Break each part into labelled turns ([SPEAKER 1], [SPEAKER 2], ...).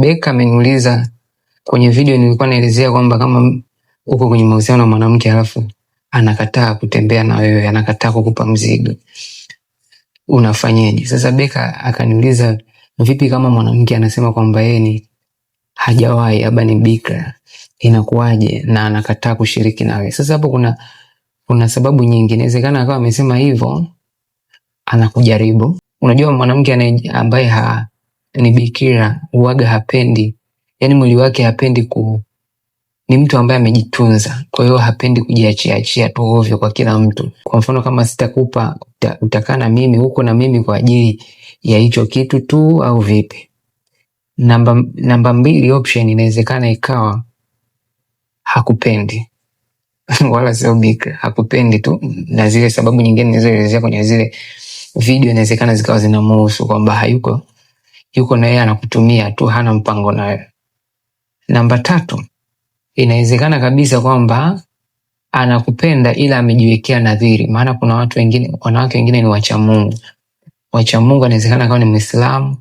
[SPEAKER 1] Beka ameniuliza kwenye video nilikuwa naelezea kwamba kama uko kwenye mahusiano na mwanamke alafu anakataa kutembea na wewe, anakataa kukupa mzigo, unafanyeje? Sasa Beka akaniuliza vipi kama mwanamke anasema kwamba yeye ni hajawahi labda ni bikra, inakuwaje? Na anakataa kushiriki nawe. Sasa hapo kuna kuna sababu nyingi, inawezekana akawa amesema hivyo anakujaribu. Unajua mwanamke ambaye ha ni bikira uwaga hapendi, yani mwili wake hapendi ku, ni mtu ambaye amejitunza, kwa hiyo hapendi kujiachiachia tu ovyo kwa kila mtu. Kwa mfano kama sitakupa uta, utakaa na mimi huko na mimi kwa ajili ya hicho kitu tu au vipi? Namba, namba mbili option inawezekana ikawa hakupendi wala sio bikira, hakupendi tu, na zile sababu nyingine nilizoelezea kwenye zile video inawezekana zikawa zinamuhusu kwamba hayuko yuko na yeye anakutumia tu, hana mpango nayo. Namba tatu, inawezekana kabisa kwamba anakupenda ila amejiwekea nadhiri, maana kuna watu wengine, wanawake wengine ni wachamungu. Wachamungu anawezekana kama ni Mwislamu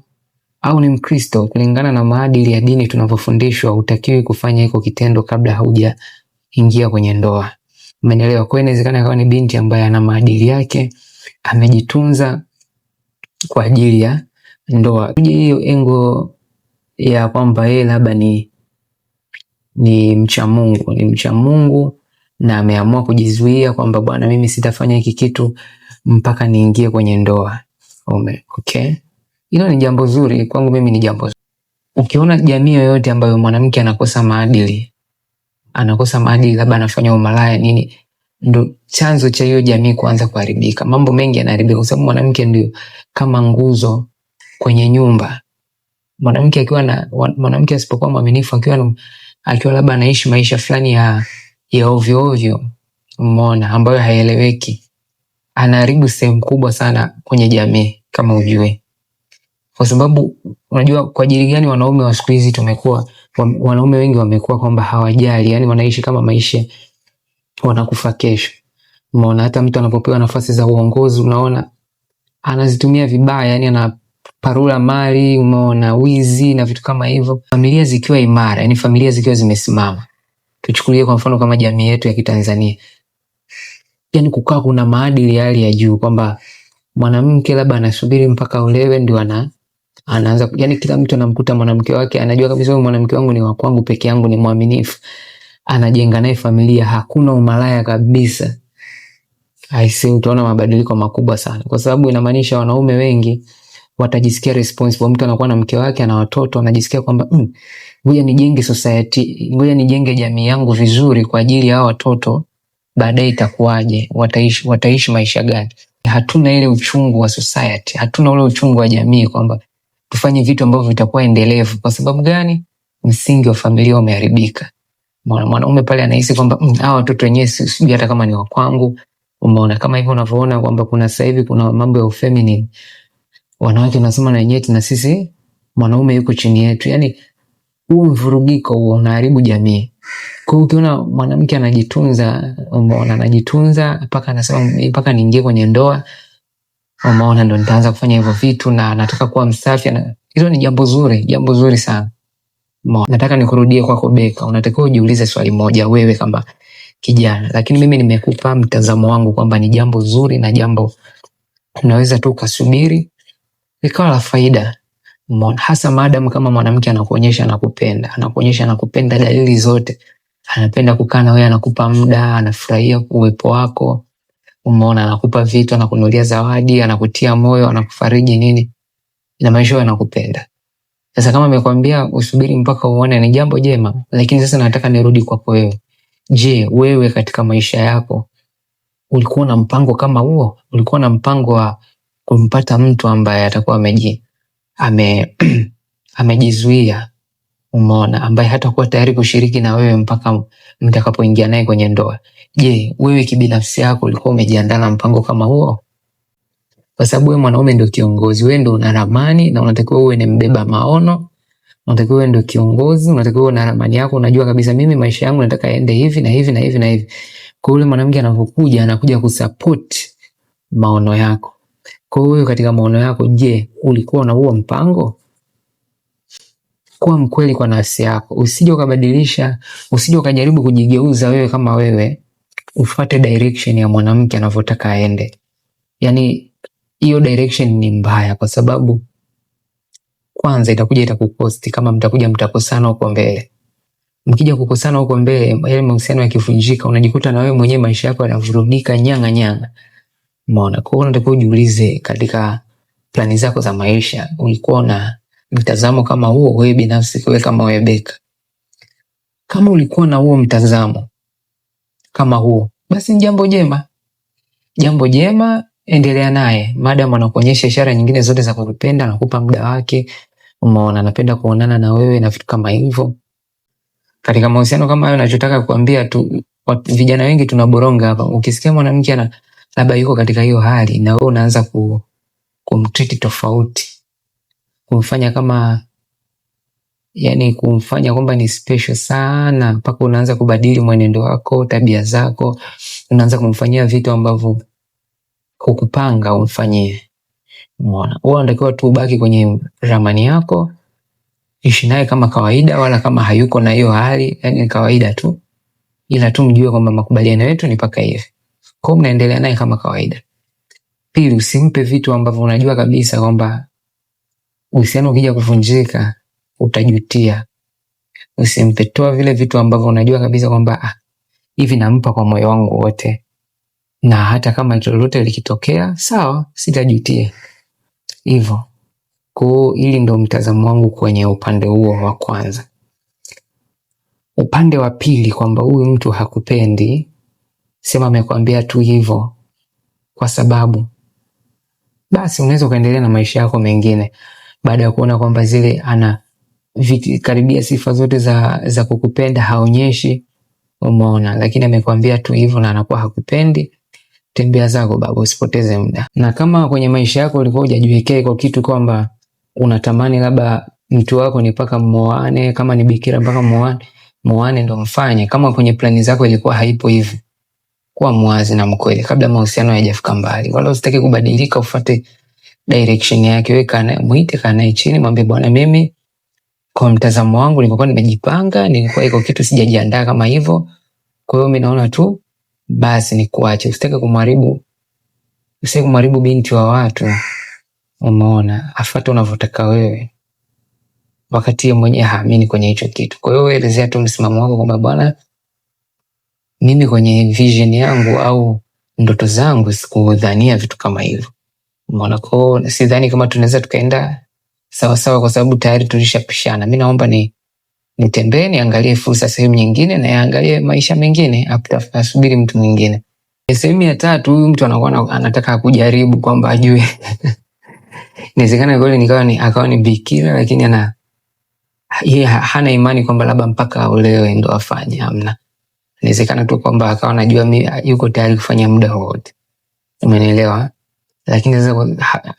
[SPEAKER 1] au ni Mkristo. Kulingana na maadili ya dini tunavyofundishwa, hutakiwi kufanya hiko kitendo kabla haujaingia kwenye ndoa. Umeelewa? Kwa hiyo inawezekana kama ni binti ambaye ana maadili yake, amejitunza kwa ajili ya ndoa. Tuje hiyo engo ya kwamba yeye labda ni ni mcha Mungu, ni mcha Mungu na ameamua kujizuia kwamba bwana, mimi sitafanya hiki kitu mpaka niingie kwenye ndoa. Ume, okay? Hilo ni jambo zuri kwangu, mimi ni jambo zuri. Ukiona jamii yoyote ambayo mwanamke anakosa maadili, anakosa maadili, labda anafanya umalaya nini, ndo chanzo cha hiyo jamii kuanza kuharibika. Mambo mengi yanaharibika kwa sababu mwanamke ndio kama nguzo kwenye nyumba. Mwanamke akiwa na mwanamke asipokuwa mwaminifu, akiwa akiwa labda anaishi maisha fulani ya ya ovyo ovyo, umeona, ambayo haieleweki, anaharibu sehemu kubwa sana kwenye jamii, kama ujue, kwa sababu unajua kwa ajili gani wanaume wa siku hizi tumekuwa wanaume wengi wamekuwa kwamba hawajali, yani wanaishi kama maisha wanakufa kesho. Umeona, hata mtu anapopewa nafasi za uongozi, unaona anazitumia vibaya, yani ana parula mali, umeona wizi na vitu kama hivyo. Familia zikiwa imara, yani familia zikiwa zimesimama, tuchukulie kwa mfano kama jamii yetu ya Kitanzania, yani kukaa kuna maadili hali ya juu, kwamba mwanamke labda anasubiri mpaka ulewe ndio ana anaanza yani, kila mtu anamkuta mwanamke wake, anajua kabisa huyu mwanamke wangu ni wa kwangu peke yangu, ni mwaminifu, anajenga naye familia, hakuna umalaya kabisa. Aisee, utaona mabadiliko makubwa sana, kwa sababu inamaanisha wanaume wengi watajisikia responsible. Mtu anakuwa na mke wake ana watoto, anajisikia kwamba mm, ngoja mm, nijenge society, ngoja nijenge jamii yangu vizuri kwa ajili ya hao watoto, baadaye itakuwaje, wataishi, wataishi maisha gani? Hatuna ile uchungu wa society, hatuna ule uchungu wa jamii kwamba tufanye vitu ambavyo vitakuwa endelevu. Kwa sababu gani? Msingi wa familia umeharibika. Mwanaume pale anahisi kwamba mm, hawa watoto wenyewe sijui hata kama ni wa kwangu. Umeona kama hivyo unavyoona kwamba kuna sasa hivi kuna mambo ya ufeminin wanawake wanasema na nyeti na sisi mwanaume yuko chini yetu. Yani huu mvurugiko huo unaharibu jamii. Kwa hiyo ukiona mwanamke anajitunza, umeona anajitunza mpaka anasema mpaka niingie kwenye ndoa, umeona ndo nitaanza kufanya hivyo vitu na nataka kuwa msafi na hilo ni jambo zuri, jambo zuri sana. Mo, nataka nikurudie kwako Beka, unatakiwa ujiulize swali moja wewe kama kijana, lakini mimi nimekupa mtazamo wangu kwamba ni jambo zuri na jambo unaweza tu ukasubiri likawa la faida hasa maadamu kama mwanamke anakuonyesha anakupenda, anakuonyesha anakupenda dalili zote, anapenda kukaa na anakupa muda, anafurahia uwepo wako, umeona, anakupa vitu, anakunulia zawadi, anakutia moyo, anakufariji nini, inamaanisha wewe anakupenda. Sasa kama amekwambia usubiri mpaka uone, ni jambo jema, lakini sasa nataka nirudi kwako wewe. Je, wewe katika maisha yako ulikuwa na mpango kama huo? Ulikuwa na mpango wa kumpata mtu ambaye atakuwa ameji ame amejizuia, umeona, ambaye hatakuwa tayari kushiriki na wewe mpaka mtakapoingia naye kwenye ndoa. Je, wewe kibinafsi yako ulikuwa umejiandaa na mpango kama huo? Kwa sababu wewe mwanaume ndio kiongozi, wewe ndio una ramani na unatakiwa uwe ni mbeba maono, unatakiwa uwe ndio kiongozi, unatakiwa una ramani yako, unajua kabisa mimi maisha yangu nataka yaende hivi na hivi na hivi na hivi. Kwa yule mwanamke anapokuja, anakuja kusupport maono yako. Kwa hiyo katika maono yako, je, ulikuwa na huo mpango? Kuwa mkweli kwa nafsi yako, usije ukabadilisha, usije ukajaribu kujigeuza wewe kama wewe, ufuate direction ya mwanamke anavyotaka aende. Yani hiyo direction ni mbaya, kwa sababu kwanza itakuja itakukosti, kama mtakuja mtakosana huko mbele. Mkija kukosana huko mbele, yale mahusiano yakivunjika, unajikuta na wewe mwenyewe maisha yako yanavurugika nyanga. Umeona, kwa hiyo unatakiwa ujiulize katika plani zako za maisha, ulikuwa na mtazamo kama huo wewe binafsi, wewe kama wewe Beka? Kama ulikuwa na huo mtazamo kama huo, basi ni jambo jema, jambo jema, endelea naye madam anakuonyesha ishara nyingine zote za kukupenda, anakupa muda wake, umeona, anapenda kuonana na wewe na vitu kama hivyo. Katika mahusiano kama hayo, nachotaka kukuambia tu, vijana wengi tunaboronga hapa. Ukisikia mwanamke ana labda yuko katika hiyo hali, na wewe unaanza ku, kumtreat tofauti, kumfanya kama yani kumfanya kwamba ni special sana, mpaka unaanza kubadili mwenendo wako, tabia zako, unaanza kumfanyia vitu ambavyo hukupanga umfanyie. Umeona, wewe unatakiwa tu ubaki kwenye ramani yako, ishi naye kama kawaida, wala kama hayuko na hiyo hali, yani kawaida tu, ila tu mjue kwamba makubaliano yetu ni mpaka hivi. Kwa mnaendelea naye kama kawaida. Pili, usimpe vitu ambavyo unajua kabisa kwamba uhusiano ukija kuvunjika utajutia. Usimpe, toa vile vitu ambavyo unajua kabisa kwamba ah, hivi nampa kwa moyo wangu wote, na hata kama lolote likitokea, sawa, sitajutia hivyo. Kwa hili ndo mtazamo wangu kwenye upande huo wa kwanza. Upande wa pili, kwamba huyu mtu hakupendi sema amekwambia tu hivyo kwa sababu, basi unaweza ukaendelea na maisha yako mengine baada ya kuona kwamba zile ana viti, karibia sifa zote za, za kukupenda haonyeshi. Umeona, lakini amekwambia tu hivyo na anakuwa hakupendi. Tembea zako baba, usipoteze muda. Na kama kwenye maisha yako ulikuwa hujajiwekea kwa kitu kwamba unatamani labda mtu wako ni mpaka mmoane, kama ni bikira mpaka mmoane, mmoane ndo mfanye, kama kwenye plani zako ilikuwa haipo hivi, kuwa mwazi na mkweli kabla mahusiano hayajafika mbali, wala usitaki kubadilika, ufuate direction yake. Wewe kana muite, kanae chini, mwambie bwana, mimi kwa mtazamo wangu nilikuwa nimejipanga, nilikuwa iko kitu sijajiandaa kama hivyo, kwa hiyo mimi naona tu basi nikuache. Usitaki kumharibu, usitaki kumharibu binti wa watu, umeona, afuate unavyotaka wewe wakati yeye mwenyewe haamini kwenye hicho kitu. Kwa hiyo elezea tu msimamo wako kwamba bwana mimi kwenye vision yangu au ndoto zangu sikudhania vitu kama hivyo. Umeona, kwao sidhani kama tunaweza tukaenda sawasawa, kwa sababu tayari tulishapishana. Mi naomba ni nitembee niangalie fursa sehemu nyingine, na yaangalie maisha mengine, asubiri mtu mwingine. Sehemu ya tatu, huyu mtu anakuwa anataka kujaribu kwamba ajue inawezekana kweli nikawa ni akawa ni bikira, lakini ana hana imani kwamba labda mpaka uleo ndo afanye, amna Inawezekana tu kwamba akawa najua yuko tayari kufanya muda wowote, umenielewa? Lakini sasa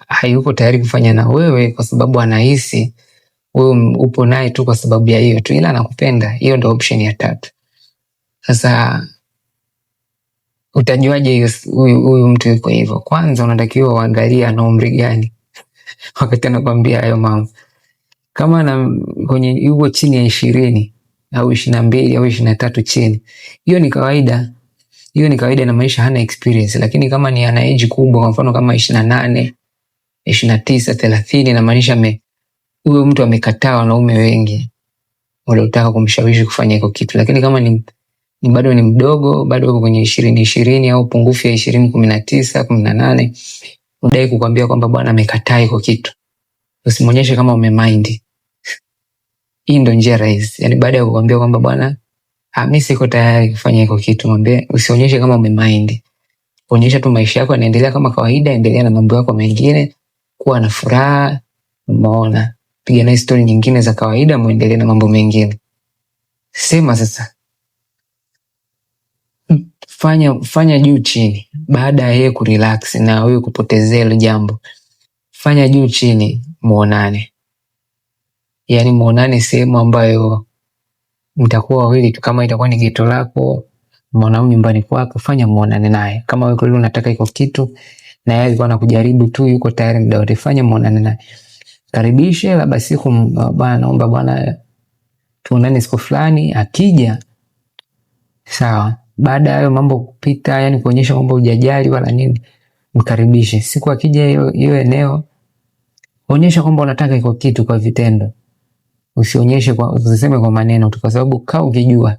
[SPEAKER 1] hayuko tayari kufanya na wewe kwa sababu anahisi wewe upo naye tu kwa sababu ya hiyo tu, ila anakupenda. Hiyo ndo option ya tatu. Sasa utajuaje huyu mtu yuko hivyo? Kwanza unatakiwa uangalie ana umri gani wakati anakwambia hayo mambo. Kama na kwenye yuko chini ya ishirini au ishirini na mbili au ishirini na tatu chini. Hiyo ni kawaida, hiyo ni kawaida na maisha hana experience, lakini kama ni ana age kubwa, kwa mfano kama ishirini na nane ishirini na tisa thelathini namaanisha huyo mtu amekataa wanaume wengi waliotaka kumshawishi kufanya hiko kitu, lakini kama ni ni bado ni mdogo bado uko kwenye ishirini ishirini au pungufu ya ishirini kumi na tisa kumi na nane udai kukwambia kwamba bwana amekataa hiko kitu, usimwonyeshe kama umemaindi hii ndo njia rahisi. Yani baada ya kukwambia kwamba bwana, ah, mi siko tayari kufanya hiko kitu, mwambie, usionyeshe kama umemaindi onyesha tu maisha yako yanaendelea kama kawaida, endelea na mambo yako mengine, kuwa na furaha, umeona, piga naye stori nyingine za kawaida, mwendelee na mambo mengine. Sema sasa, fanya fanya juu chini, baada ya yeye kurelax na huyu kupotezea hilo jambo, fanya juu chini, muonane yani muonane sehemu ambayo mtakuwa wawili tu, kama itakuwa ni geto lako mwanaume nyumbani kwako, fanya muonane naye. Kama wewe kweli unataka iko kitu na yeye alikuwa anakujaribu tu, yuko tayari muda wote, fanya muonane naye, karibishe, labda siku bwana, naomba bwana, tuonane siku fulani. Akija sawa. Baada ya hayo mambo kupita, yani kuonyesha kwamba ujajali wala nini, mkaribishe. Siku akija hiyo eneo, onyesha kwamba unataka iko kitu kwa vitendo usionyeshe kwa, usiseme kwa maneno tu, kwa sababu ka ukijua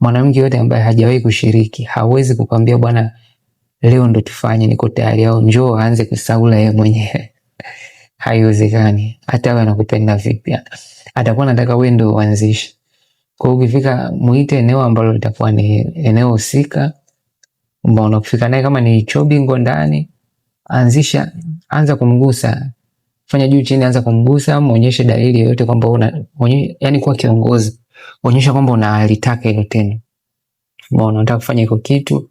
[SPEAKER 1] mwanamke yote ambaye hajawahi kushiriki hawezi kukwambia bwana, leo ndo tufanye, niko tayari, au njoo aanze kusaula yeye mwenyewe haiwezekani. Hata awe anakupenda vipi, atakuwa nataka wewe ndo uanzishe. Kwa hiyo ukifika, muite eneo ambalo litakuwa ni eneo husika ambao unakufika naye, kama ni chobingo ndani, anzisha, anza kumgusa fanya juu chini, anza kumgusa, muonyeshe dalili yoyote kwamba una onye, yani, kuwa kiongozi, onyesha kwamba unalitaka hilo tena, mbona unataka kufanya hiko kitu.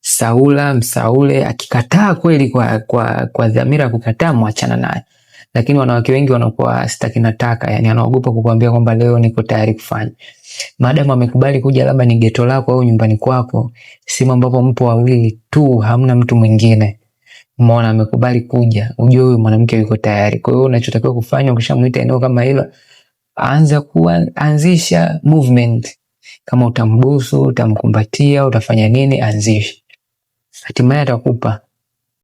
[SPEAKER 1] Saula msaule, akikataa kweli kwa kwa kwa dhamira ya kukataa, mwachana naye. Lakini wanawake wengi wanakuwa sitaki nataka, yani anaogopa kukuambia kwamba leo niko tayari kufanya. Maadamu amekubali kuja, labda ni geto lako au nyumbani kwako, sehemu ambapo mpo wawili tu, hamna mtu mwingine Umeona, amekubali kuja, ujue huyu mwanamke yuko tayari. Kwa hiyo unachotakiwa kufanya ukishamuita eneo kama hilo, anza anzisha movement. Kama utambusu, utamkumbatia, utafanya nini, anzisha, hatimaye atakupa